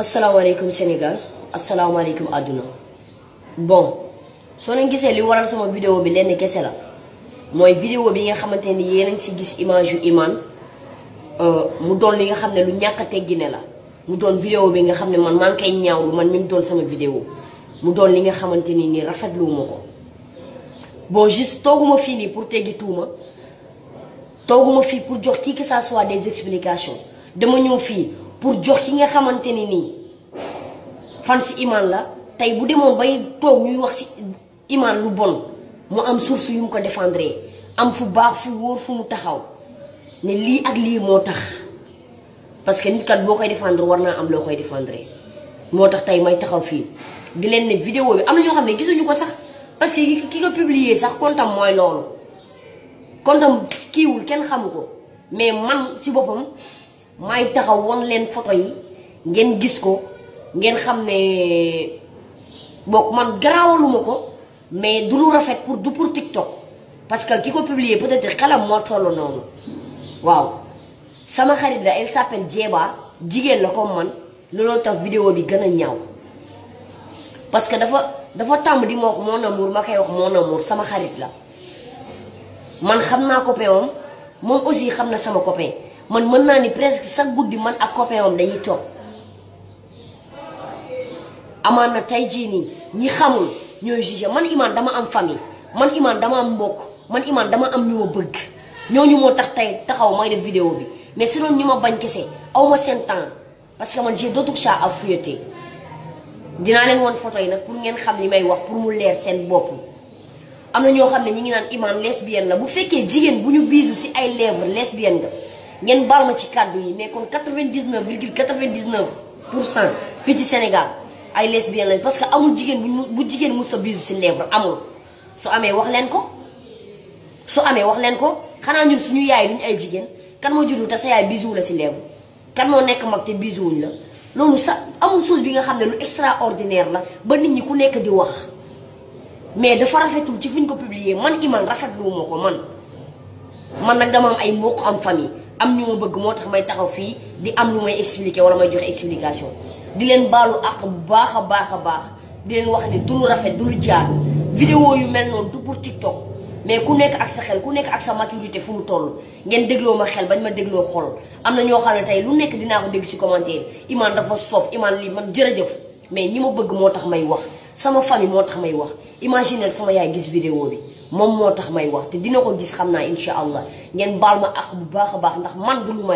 asalaamaaleykum Sénégal asalaamaaleykum àdduna bon soo leen gisee li waral sama vidéo bi lenn kese la mooy vidéo bi nga xamante ni yéen a si gis image yu Imane euh, mu doon li nga xam ne lu ñàkk a teggine la mu doon vidéo bi nga xam ne man maa ngi koy ñaawlu man mi mu doon sama vidéo mu doon li nga xamante ni nii rafetluwuma ko bon juste tooguma fii nii pour teggi tuuma tooguma fii pour jox kii que ça des explications dama ñëw fii pour jox ki nga xamante ni nii fan si imaan la tey bu demoon bay toog ñuy wax si imaan lu bon mu am source yu mu ko défendre am fu baax fu wóor fu mu taxaw ne lii ak lii moo tax parce que nit kat boo koy défendre war naa am loo koy défendre moo tax tey may taxaw fii di leen ne video bi am na ñoo xam ne gisuñu ko sax parce que ki ko publier sax kontam mooy loolu kontam kiiwul kenn xamu ko mais man si boppam may taxaw won leen foto yi ngeen gis ko ngeen xam ne bokk man garaawaluma ko mais du lu rafet pour du pour TikTok parce que ki ko publier peut-être xelam moo toll noonu waaw sama xarit la elle s'appelle Jeeba jigéen la comme man looloo tax vidéo bi gën a ñaaw parce que dafa dafa tàmb di ma wax mon amour ma koy wax moo amour sama xarit la man xam naa copain am moom aussi xam na sama copain man mën naa ni presque chaque guddi man ak copain am dañuy toog amaan na tey jii nii ñi xamul ñooy jugé man Iman dama am famille man Iman dama am mbokk man Iman dama am ñu ma bëgg ñooñu moo tax tey taxaw may def vidéo bi mais sinon ñu ma bañ kese aw ma seen temps parce que man j'ai d'autres chats à fouetter dinaa leen woon photo yi nag pour ngeen xam ni may wax pour mu leer seen bopp am na ñoo xam ne ñu ngi naan Iman lesbienne la bu fekkee jigéen bu ñu biisu si ay lèvres lesbienne nga ngeen baal ma ci kàddu yi mais kon 99 virgule 99 pour cent fii ci Sénégal ay lesbiennes lañ parce que amul jigéen bu jigéen mu sa bisu si lèvre amul su amee wax leen ko su amee wax leen ko xanaa ñun suñu yaay duñ ay jigéen kan moo juddu te sa yaay bisu la si lèvre kan moo nekk mag te bisu wuñ la loolu sa amul chose bi nga xam ne lu extraordinaire la ba nit ñi ku nekk di wax mais dafa rafetul ci fuñ ko publier man rafet lu rafetluwuma ko man man nag dama am ay mbokk am famille am ñu bëgg moo tax may taxaw fii di am lu may expliquer wala may joxe explication di leen baalu àq bu baax a baax a baax di leen wax ne du lu rafet du lu jaar vidéo yu mel noonu du pour TikTok mais ku nekk ak sa xel ku nekk ak sa maturité fu mu toll ngeen dégloo ma xel bañ ma dégloo xol am na ñoo xam ne tey lu nekk dinaa ko dégg ci commentaire Imane dafa soof Imane lii man jërëjëf mais ñi ma bëgg moo tax may wax sama famille moo tax may wax imaginez sama yaay gis vidéo bi moom moo tax may wax te dina ko gis xam naa incha allah ngeen baal ma àq bu baax baax ndax man du lu may